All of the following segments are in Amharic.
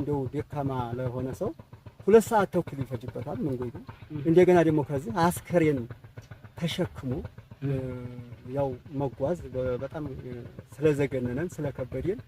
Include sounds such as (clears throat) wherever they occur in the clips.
እንደው ደካማ ለሆነ ሰው ሁለት ሰዓት ተኩል ይፈጅበታል መንገዱ። እንደገና ደግሞ ከዚህ አስከሬን ተሸክሞ ያው መጓዝ በጣም ስለዘገነነን ስለከበደን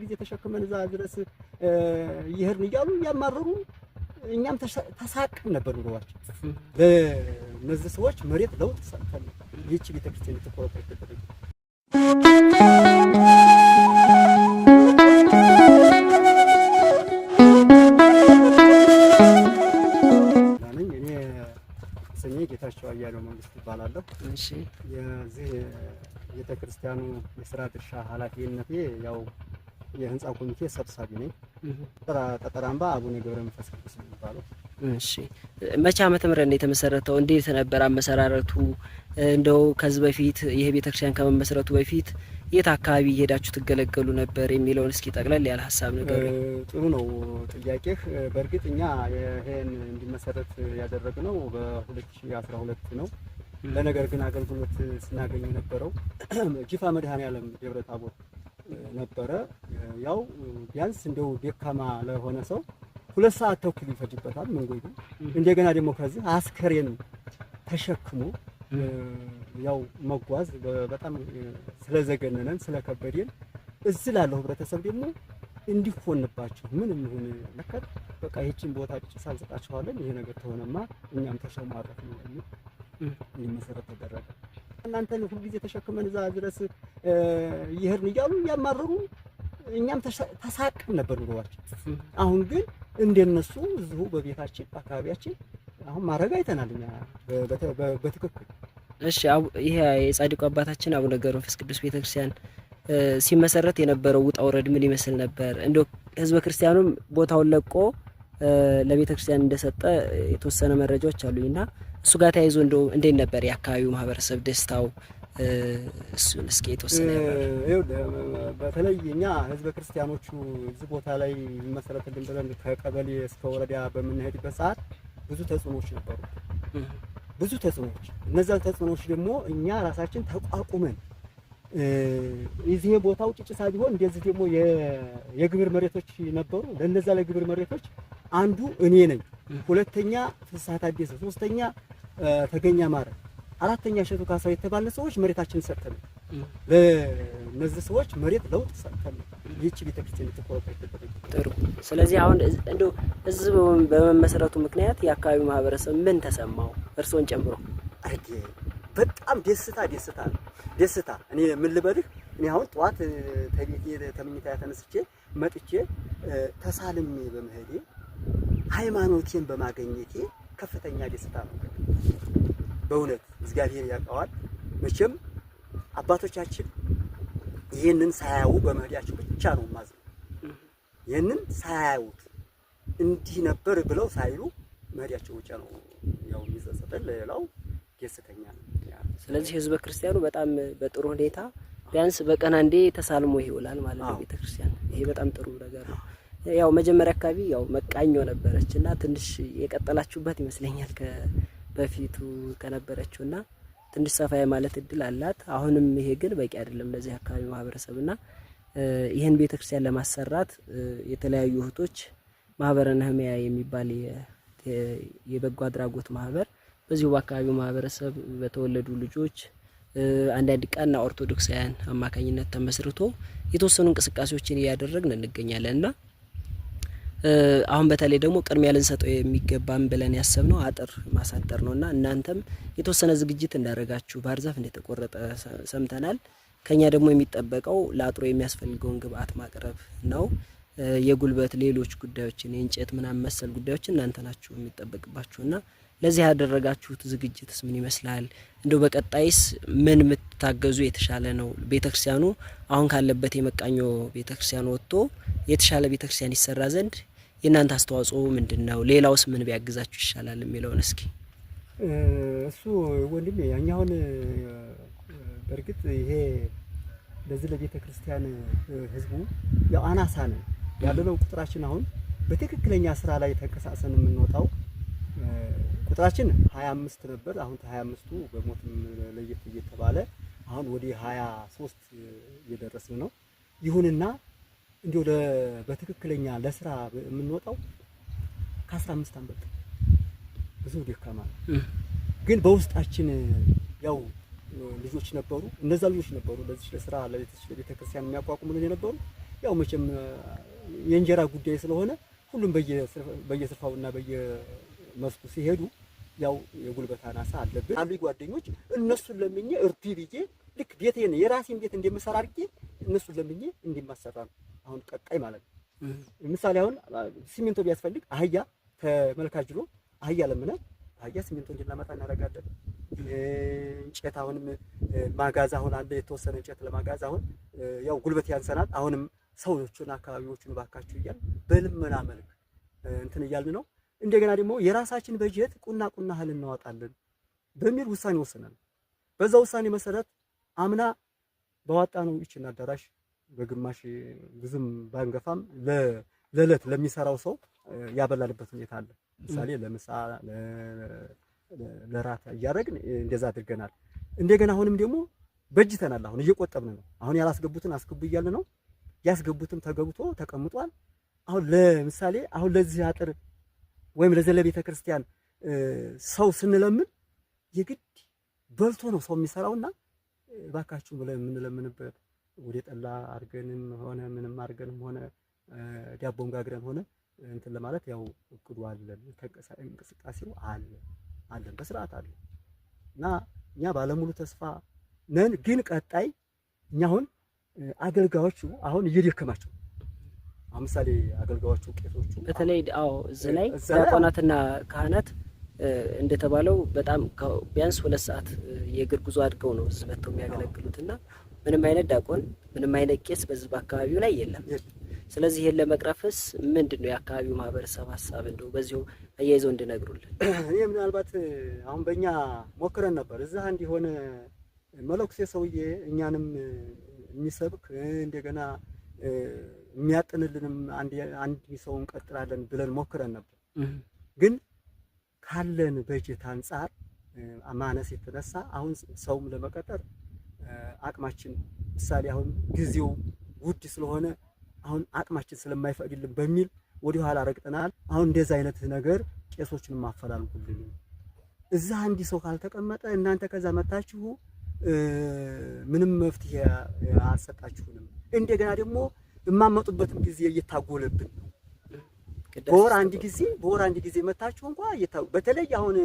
ጊዜ ተሸክመን እዛ ድረስ ይሄርን እያሉ እያማረሩ እኛም ተሳቅም ነበር ብለዋቸው ለእነዚህ ሰዎች መሬት ለውጥ ሰጥተን ይህች ቤተክርስቲያን የተቆረቆረች ጌታቸው አያሌው መንግስት ይባላለሁ። እሺ፣ የዚህ ቤተክርስቲያኑ የስራ ድርሻ ኃላፊነቴ ያው የህንፃ ኮሚቴ ሰብሳቢ ነኝ። ጠጠራምባ አቡነ ገብረ መንፈስ ቅዱስ የሚባለው። እሺ፣ መቼ ዓመተ ምህረት ነው የተመሰረተው? እንዴት ነበር አመሰራረቱ? እንደው ከዚህ በፊት ይሄ ቤተክርስቲያን ከመመስረቱ በፊት የት አካባቢ እየሄዳችሁ ትገለገሉ ነበር የሚለውን እስኪ ጠቅለል ያለ ሀሳብ ነገር። ጥሩ ነው ጥያቄህ። በእርግጥ እኛ ይሄን እንዲመሰረት ያደረግነው በ2012 ነው። ለነገር ግን አገልግሎት ስናገኝ የነበረው ጅፋ (clears throat) መድኃኔ ደብረ ታቦር ነበረ። ያው ቢያንስ እንደው ደካማ ለሆነ ሰው ሁለት ሰዓት ተኩል ይፈጅበታል መንገዱ። እንደገና ደግሞ ከዚህ አስከሬን ተሸክሞ ያው መጓዝ በጣም ስለዘገነነን ስለከበደን እዚህ ላለው ህብረተሰብ ደግሞ እንዲሆንባቸው ምን ይሁን ለከት በቃ ይህችን ቦታ ጭስ አንሰጣችኋለን ይሄ ነገር ተሆነማ እኛም ተሸማረፍ ነው የሚል እንዲመሰረት ተደረገ። እናንተን ሁልጊዜ ተሸክመን እዛ ድረስ ይሄርን እያሉ እያማረሩ እኛም ተሳቅም ነበር ኑሯችን። አሁን ግን እንደነሱ እዚሁ በቤታችን በአካባቢያችን አሁን ማድረግ አይተናል እኛ በትክክል። እሺ ይሄ የጻድቁ አባታችን አቡነ ገብረ መንፈስ ቅዱስ ቤተክርስቲያን ሲመሰረት የነበረው ውጣ ውረድ ምን ይመስል ነበር? እንዲያው ህዝበ ክርስቲያኑም ቦታውን ለቆ ለቤተክርስቲያን እንደሰጠ የተወሰነ መረጃዎች አሉኝና እሱ ጋር ተያይዞ እንዴት ነበር የአካባቢው ማህበረሰብ ደስታው? እሱን እስኪ የተወሰነ በተለይ እኛ ህዝበ ክርስቲያኖቹ እዚህ ቦታ ላይ ይመሰረትልን ብለን ከቀበሌ እስከ ወረዳ በምንሄድበት ሰዓት ብዙ ተጽዕኖዎች ነበሩ፣ ብዙ ተጽዕኖዎች። እነዚያን ተጽዕኖዎች ደግሞ እኛ ራሳችን ተቋቁመን የዚህ ቦታው ጭጭሳ ቢሆን እንደዚህ ደግሞ የግብር መሬቶች ነበሩ። ለነዛ ለግብር መሬቶች አንዱ እኔ ነኝ፣ ሁለተኛ ፍሳት አዲስ፣ ሶስተኛ ተገኛ ማረ፣ አራተኛ እሸቱ ካሳው የተባለ ሰዎች መሬታችን ሰጥተን ለእነዚህ ሰዎች መሬት ለውጥ ሰጥተን ይህች ቤተክርስቲያን ልትቆረጣ ጥሩ። ስለዚህ አሁን እንዲ እዚህ በመመሰረቱ ምክንያት የአካባቢው ማህበረሰብ ምን ተሰማው? እርስዎን ጨምሮ በጣም ደስታ ደስታ ነው ደስታ። እኔ ምን ልበልህ፣ እኔ አሁን ጠዋት ተመኝታ ተነስቼ መጥቼ ተሳልሜ በመሄዴ ሃይማኖቴን በማገኘቴ ከፍተኛ ደስታ ነው። በእውነት እግዚአብሔር ያውቀዋል። መቼም አባቶቻችን ይህንን ሳያዩ በመሄዳቸው ብቻ ነው ማዝነው። ይህንን ሳያዩት እንዲህ ነበር ብለው ሳይሉ መሄዳቸው ብቻ ነው ያው የሚጸጸተን። ለሌላው ደስተኛ ነው። ስለዚህ ህዝበ ክርስቲያኑ በጣም በጥሩ ሁኔታ ቢያንስ በቀን አንዴ ተሳልሞ ይውላል ማለት ነው ቤተክርስቲያን። ይሄ በጣም ጥሩ ነገር ነው። ያው መጀመሪያ አካባቢ ያው መቃኞ ነበረች እና ትንሽ የቀጠላችሁበት ይመስለኛል በፊቱ ከነበረችው እና ትንሽ ሰፋ የማለት እድል አላት። አሁንም ይሄ ግን በቂ አይደለም ለዚህ አካባቢ ማህበረሰብ እና ይህን ቤተክርስቲያን ለማሰራት የተለያዩ እህቶች ማህበረ ነህምያ የሚባል የበጎ አድራጎት ማህበር በዚሁ በአካባቢው ማህበረሰብ በተወለዱ ልጆች አንዳንድ ቀና ኦርቶዶክሳውያን አማካኝነት ተመስርቶ የተወሰኑ እንቅስቃሴዎችን እያደረግን እንገኛለን እና አሁን በተለይ ደግሞ ቅድሚያ ልንሰጠው የሚገባን ብለን ያሰብነው አጥር ማሳጠር ነው እና እናንተም የተወሰነ ዝግጅት እንዳደረጋችሁ ባህር ዛፍ እንደተቆረጠ ሰምተናል። ከኛ ደግሞ የሚጠበቀው ለአጥሮ የሚያስፈልገውን ግብአት ማቅረብ ነው። የጉልበት ሌሎች ጉዳዮችን የእንጨት ምናምን መሰል ጉዳዮች እናንተ ናችሁ የሚጠበቅባችሁና ለዚህ ያደረጋችሁት ዝግጅትስ ምን ይመስላል? እንደው በቀጣይስ ምን የምትታገዙ የተሻለ ነው? ቤተክርስቲያኑ አሁን ካለበት የመቃኞ ቤተክርስቲያን ወጥቶ የተሻለ ቤተክርስቲያን ይሰራ ዘንድ የእናንተ አስተዋጽኦ ምንድን ነው? ሌላውስ ምን ቢያግዛችሁ ይሻላል የሚለውን እስኪ። እሱ ወንድሜ ያኛውን በእርግጥ ይሄ ለዚህ ለቤተ ክርስቲያን ህዝቡ ያው አናሳ ነው ያለነው ቁጥራችን አሁን በትክክለኛ ስራ ላይ ተንቀሳቅሰን የምንወጣው ቁጥራችን አምስት ነበር። አሁን ከ አምስቱ በሞት ለየት እየተባለ አሁን ወደ ሶስት እየደረስን ነው። ይሁንና እንዲሁ በትክክለኛ ለስራ የምንወጣው ከአስራ አምስት አንበጥ ብዙ ደካማ ግን በውስጣችን ያው ልጆች ነበሩ። እነዛ ልጆች ነበሩ ለዚህ ለስራ ለቤተክርስቲያን የሚያቋቁሙልን የነበሩ ያው መቼም የእንጀራ ጉዳይ ስለሆነ ሁሉም በየስርፋውና በየመስኩ ሲሄዱ ያው የጉልበት አናሳ አለብን አሉ ጓደኞች። እነሱን ለምኜ እርቢ ብዬ ልክ ቤቴን የራሴን ቤት እንደምሰራ አድርጌ እነሱን ለምኜ እንዲማሰራ ነው። አሁን ቀጣይ ማለት ነው። ምሳሌ አሁን ሲሚንቶ ቢያስፈልግ አህያ ተመልካች ድሎ አህያ ለምነ አህያ ሲሚንቶ እንድናመጣ እናደርጋለን። እንጨት አሁንም ማጋዝ አሁን አለ የተወሰነ እንጨት ለማጋዝ አሁን ያው ጉልበት ያንሰናል። አሁንም ሰዎቹን አካባቢዎቹን ባካችሁ እያል በልመና መልክ እንትን እያልን ነው። እንደገና ደግሞ የራሳችን በጀት ቁና ቁና እህል እናወጣለን በሚል ውሳኔ ወስነን በዛ ውሳኔ መሰረት አምና በዋጣ ነው ይችን አዳራሽ በግማሽ ብዙም ባንገፋም ለእለት ለሚሰራው ሰው ያበላልበት ሁኔታ አለ። ምሳሌ ለምሳ ለራት እያደረግን እንደዛ አድርገናል። እንደገና አሁንም ደግሞ በጅተናል። አሁን እየቆጠብን ነው። አሁን ያላስገቡትን አስገቡ እያልን ነው። ያስገቡትም ተገብቶ ተቀምጧል። አሁን ለምሳሌ አሁን ለዚህ አጥር ወይም ለዚህ ለቤተ ክርስቲያን ሰው ስንለምን የግድ በልቶ ነው ሰው የሚሰራውና እባካችሁ ብለን የምንለምንበት ወደ ጠላ አድርገንም ሆነ ምንም አድርገንም ሆነ ዳቦም ጋግረን ሆነ እንትን ለማለት ያው እቅዱ አለን፣ እንቅስቃሴው አለ አለን በስርዓት አለ እና እኛ ባለሙሉ ተስፋ ነን። ግን ቀጣይ እኛ አሁን አገልጋዮቹ አሁን እየደከማቸው አሁን ምሳሌ አገልጋዮቹ ቄሶቹ በተለይ አዎ እዚህ ላይ ዲያቆናትና ካህናት እንደተባለው በጣም ቢያንስ ሁለት ሰዓት የእግር ጉዞ አድርገው ነው እዚህ መጥተው የሚያገለግሉት እና ምንም አይነት ዲያቆን ምንም አይነት ቄስ በዚህ በአካባቢው ላይ የለም። ስለዚህ ይህን ለመቅረፍስ ምንድን ነው የአካባቢው ማህበረሰብ ሀሳብ እንደው በዚሁ አያይዘው እንድነግሩልን። ይህ ምናልባት አሁን በእኛ ሞክረን ነበር እዛ እንዲሆነ መለኩሴ ሰውዬ እኛንም የሚሰብክ እንደገና የሚያጥንልንም አንድ ሰው እንቀጥላለን ብለን ሞክረን ነበር ግን ካለን በጀት አንጻር ማነስ የተነሳ አሁን ሰውም ለመቀጠር አቅማችን ምሳሌ አሁን ጊዜው ውድ ስለሆነ አሁን አቅማችን ስለማይፈቅድልን በሚል ወደኋላ ረግጠናል። አሁን እንደዚህ አይነት ነገር ቄሶችን ማፈላልጉልን እዛ አንድ ሰው ካልተቀመጠ እናንተ ከዛ መታችሁ ምንም መፍትሄ አልሰጣችሁንም። እንደገና ደግሞ የማመጡበትም ጊዜ እየታጎለብን ነው። በወር አንድ ጊዜ በወር አንድ ጊዜ መታችሁ እንኳ እየታው በተለይ አሁን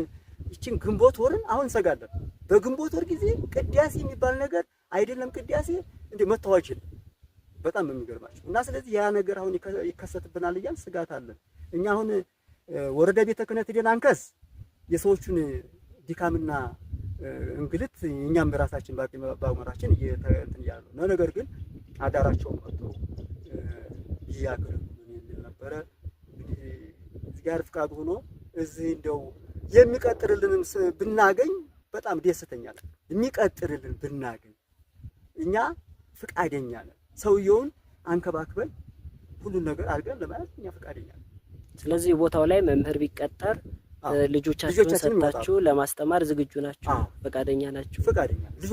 ይችን ግንቦት ወርን አሁን እንሰጋለን። በግንቦት ወር ጊዜ ቅዳሴ የሚባል ነገር አይደለም። ቅዳሴ እንደ መታወጅል በጣም የሚገርማችሁ እና ስለዚህ ያ ነገር አሁን ይከሰትብናል እያል ስጋት አለን። እኛ አሁን ወረደ ቤተ ክህነት ሄደን አንከስ የሰዎቹን ድካምና እንግልት እኛም በራሳችን በአቅማችን እየተንትን ያሉ ነው። ነገር ግን አዳራቸው መጥቶ ይያገሉ ነበረ። የአር ፍቃድ ሆኖ እዚህ እንደው የሚቀጥርልን ብናገኝ በጣም ደስተኛ ነን። ብናገኝ እኛ ፍቃደኛ ነን። ሰውየውን አንከባክበን ሁሉን ነገር አድርገን ለማለት እኛ ፍቃደኛ ነን። ስለዚህ ቦታው ላይ መምህር ቢቀጠር ልጆቻችሁን ሰጥታችሁ ለማስተማር ዝግጁ ናችሁ? ፈቃደኛ ናችሁ?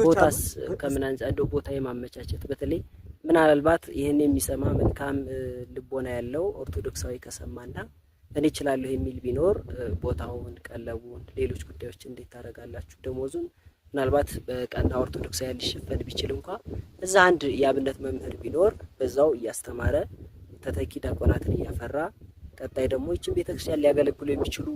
ቦታስ ከምን አንጻ እንደው ቦታ የማመቻቸት በተለይ ምናልባት ይህን የሚሰማ መልካም ልቦና ያለው ኦርቶዶክሳዊ ከሰማና እኔ እችላለሁ የሚል ቢኖር ቦታውን፣ ቀለቡን፣ ሌሎች ጉዳዮች እንዴት ታደርጋላችሁ? ደሞዙን ምናልባት በቀና ኦርቶዶክሳውያን ሊሸፈን ቢችል እንኳ እዛ አንድ የአብነት መምህር ቢኖር በዛው እያስተማረ ተተኪ ዲያቆናትን እያፈራ ቀጣይ ደግሞ ይችን ቤተክርስቲያን ሊያገለግሉ የሚችሉ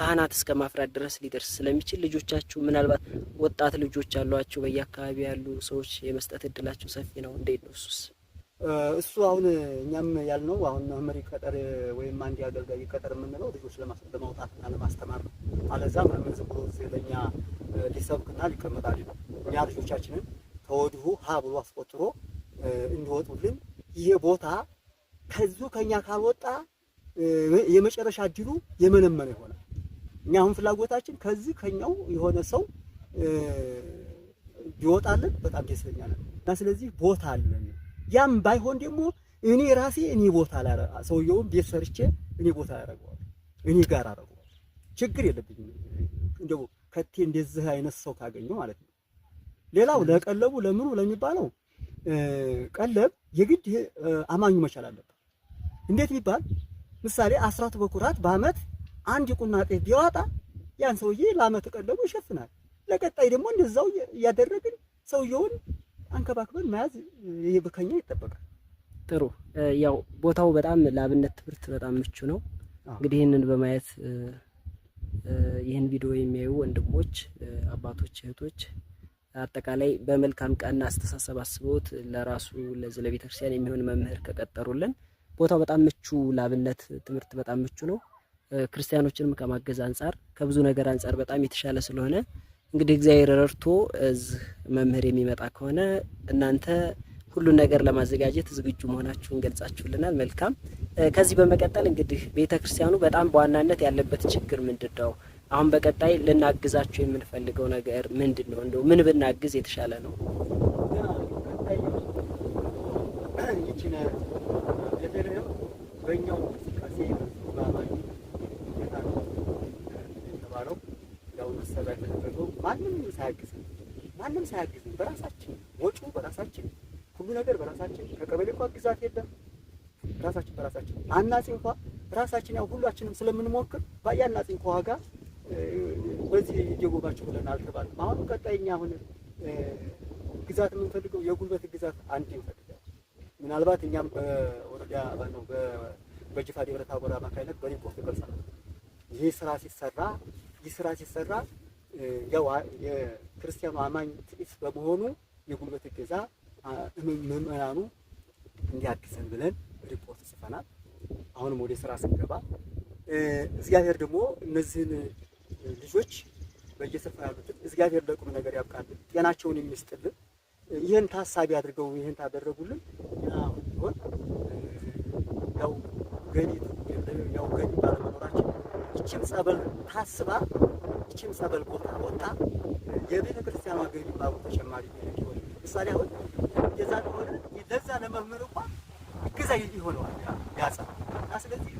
ካህናት እስከ ማፍራት ድረስ ሊደርስ ስለሚችል ልጆቻችሁ ምናልባት ወጣት ልጆች አሏቸው በየአካባቢ ያሉ ሰዎች የመስጠት እድላችሁ ሰፊ ነው። እንዴት ነው እሱስ? እሱ አሁን እኛም ያልነው አሁን መምህር ይቀጠር ወይም አንድ አገልጋይ ይቀጠር የምንለው ልጆች ለማውጣትና ለማስተማር ነው። አለዛ መምህር ዝም ብሎ ለእኛ ሊሰብክና ሊቀመጥ ነው። እኛ ልጆቻችንን ከወዲሁ ሀ ብሎ አስቆጥሮ እንዲወጡልን ይሄ ቦታ ከዙ ከኛ ካልወጣ የመጨረሻ እድሉ የመነመነ ይሆናል። እኛ አሁን ፍላጎታችን ከዚህ ከኛው የሆነ ሰው ቢወጣልን በጣም ደስተኛ ነን እና ስለዚህ ቦታ አለን ያም ባይሆን ደግሞ እኔ ራሴ እኔ ቦታ ላረጋ ሰውየውን ቤት ሰርቼ እኔ ቦታ ያረገዋል እኔ ጋር አረገዋል። ችግር የለብኝም እንደው ከቴ እንደዚህ አይነት ሰው ካገኘ ማለት ነው። ሌላው ለቀለቡ ለምኑ ለሚባለው ቀለብ የግድ አማኙ መቻል አለበት። እንዴት ቢባል ምሳሌ አስራት በኩራት በአመት አንድ ቁና ጤፍ ቢያወጣ ያን ሰውዬ ለአመት ቀለቡ ይሸፍናል። ለቀጣይ ደግሞ እንደዛው እያደረግን ሰውየውን አንከባክበን መያዝ ይሄ በከኛ ይጠበቃል። ጥሩ ያው ቦታው በጣም ለአብነት ትምህርት በጣም ምቹ ነው። እንግዲህ ይህንን በማየት ይህን ቪዲዮ የሚያዩ ወንድሞች፣ አባቶች፣ እህቶች አጠቃላይ በመልካም ቀና አስተሳሰብ አስበውት ለራሱ ለዚህ ለቤተክርስቲያን የሚሆን መምህር ከቀጠሩልን ቦታው በጣም ምቹ ለአብነት ትምህርት በጣም ምቹ ነው። ክርስቲያኖችንም ከማገዝ አንጻር ከብዙ ነገር አንጻር በጣም የተሻለ ስለሆነ እንግዲህ እግዚአብሔር ረድቶ እዚህ መምህር የሚመጣ ከሆነ እናንተ ሁሉን ነገር ለማዘጋጀት ዝግጁ መሆናችሁን ገልጻችሁልናል። መልካም። ከዚህ በመቀጠል እንግዲህ ቤተ ክርስቲያኑ በጣም በዋናነት ያለበት ችግር ምንድን ነው? አሁን በቀጣይ ልናግዛችሁ የምንፈልገው ነገር ምንድን ነው? እንደው ምን ብናግዝ የተሻለ ነው? በእኛው ማንም ሳያግዙን በራሳችን ወጪ በራሳችን ሁሉ ነገር በራሳችን ከቀበሌ እንኳ ግዛት የለም። ራሳችን በራሳችን አናጺ እንኳ ራሳችን ያው ሁላችንም ስለምንሞክር በአናጺ እንኳ ዋጋ በዚህ እየጎባችሁ ብለን አልተባልም። አሁን ቀጣይኛ አሁን ግዛት የምንፈልገው የጉልበት ግዛት አንድ ይፈልጋል። ምናልባት እኛም በወረዳ ባነው በጅፋድ የብረት አጎራ አማካኝነት በሪፖርት ይቀርጻል። ይህ ስራ ሲሰራ ይህ ስራ ሲሰራ የክርስቲያኑ አማኝ ጥቂት በመሆኑ የጉልበት እገዛ ምዕመናኑ እንዲያግዘን ብለን ሪፖርት ጽፈናል። አሁንም ወደ ስራ ስንገባ እግዚአብሔር ደግሞ እነዚህን ልጆች በየስፍራ ያሉትን እግዚአብሔር ለቁም ነገር ያብቃልን፣ ጤናቸውን የሚስጥልን። ይህን ታሳቢ አድርገው ይህን ታደረጉልን። አሁን ቢሆን ያው ገኒ ያው ገቢ ባለመኖራችን ይችም ጸበል ታስባ ይችን ሰበል ቆርጣ ወጣ የቤተ ክርስቲያኗ አገልግሎት ባቡ ተጨማሪ ነው። ምሳሌ አሁን እንደዛ ከሆነ ለዛ ለመምህር እንኳን እገዛ ይሆነዋል ያጻ እና ስለዚህ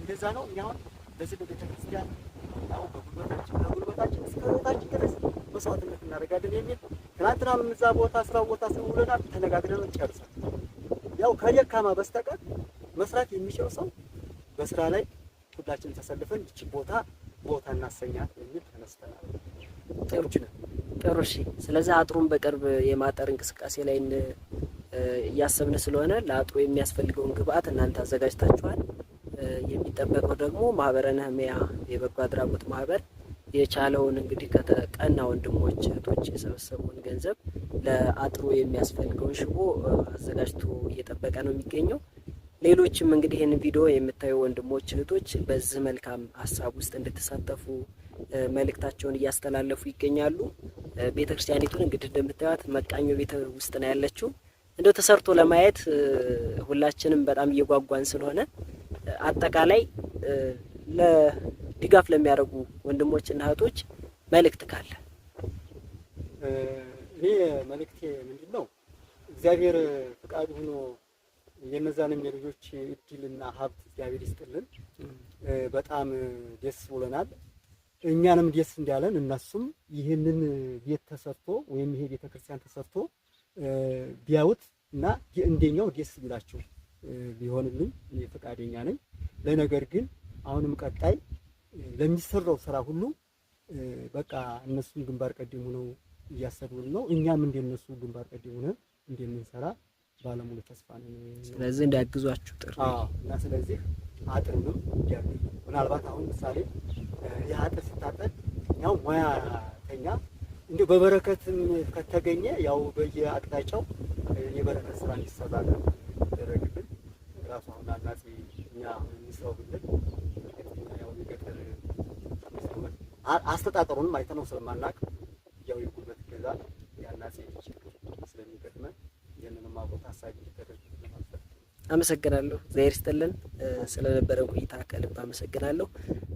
እንደዛ ነው። እኛ አሁን በዚህ በቤተ ክርስቲያን ያው በጉልበታችን በጉልበታችን እስከ ህይወታችን ድረስ መስዋዕትነት እናደርጋለን የሚል ትናንትና እዛ ቦታ ስራ ቦታ ስውለናል ተነጋግረን ጨርሰን ያው ከደካማ በስተቀር መስራት የሚችል ሰው በስራ ላይ ሁላችን ተሰልፈን ይችን ቦታ ቦታ እናሰኛት የሚል ተነስተናል። ጥሩ እሺ። ስለዚህ አጥሩን በቅርብ የማጠር እንቅስቃሴ ላይ እያሰብን ስለሆነ ለአጥሩ የሚያስፈልገውን ግብአት እናንተ አዘጋጅታችኋል። የሚጠበቀው ደግሞ ማህበረ ነህምያ የበጎ አድራጎት ማህበር የቻለውን እንግዲህ ከተቀና ወንድሞች እህቶች የሰበሰበውን ገንዘብ ለአጥሩ የሚያስፈልገውን ሽቦ አዘጋጅቶ እየጠበቀ ነው የሚገኘው። ሌሎችም እንግዲህ ይህን ቪዲዮ የምታዩ ወንድሞች እህቶች በዚህ መልካም ሀሳብ ውስጥ እንድትሳተፉ መልእክታቸውን እያስተላለፉ ይገኛሉ። ቤተ ክርስቲያኒቱን እንግዲህ እንደምታዩት መቃኞ ቤተ ውስጥ ነው ያለችው። እንደው ተሰርቶ ለማየት ሁላችንም በጣም እየጓጓን ስለሆነ አጠቃላይ ለድጋፍ ለሚያደርጉ ወንድሞችና እህቶች መልእክት ካለ እኔ መልእክቴ ምንድን ነው? እግዚአብሔር ፍቃድ ሆኖ የነዛንም የልጆች እድልና ሀብት እግዚአብሔር ይስጥልን። በጣም ደስ ብሎናል። እኛንም ደስ እንዳለን እነሱም ይህንን ቤት ተሰርቶ ወይም ይሄ ክርስቲያን ተሰርቶ ቢያዩት እና እንደኛው ደስ ይላቸው ቢሆንልኝ ፈቃደኛ ነኝ። ለነገር ግን አሁንም ቀጣይ ለሚሰራው ስራ ሁሉ በቃ እነሱም ግንባር ቀደም ሆነው እያሰሩልን ነው። እኛም እንደነሱ ግንባር ቀደም ሆነን እንደምንሰራ ባለሙሉ ተስፋ ነው። ስለዚህ እንዳያግዟችሁ ጥሩ እና ስለዚህ አጥርንም እንዲያሉ ምናልባት አሁን ምሳሌ ይህ አጥር ሲታጠር ያው ሙያተኛ እንዲሁ በበረከትም ከተገኘ ያው በየአቅጣጫው የበረከት ስራ እንዲሰራ ነው የሚደረግብን። ራሱ አሁን አናጺ እኛ የሚሰራው ብለን ያው የገጠር አስተጣጠሩንም አይተነው ስለማናቅ ያው የጉልበት ገዛ የአናጺ ችግር ስለሚገጥመን አመሰግናለሁ። እግዚአብሔር ይስጥልን። ስለነበረ ቆይታ ከልብ አመሰግናለሁ።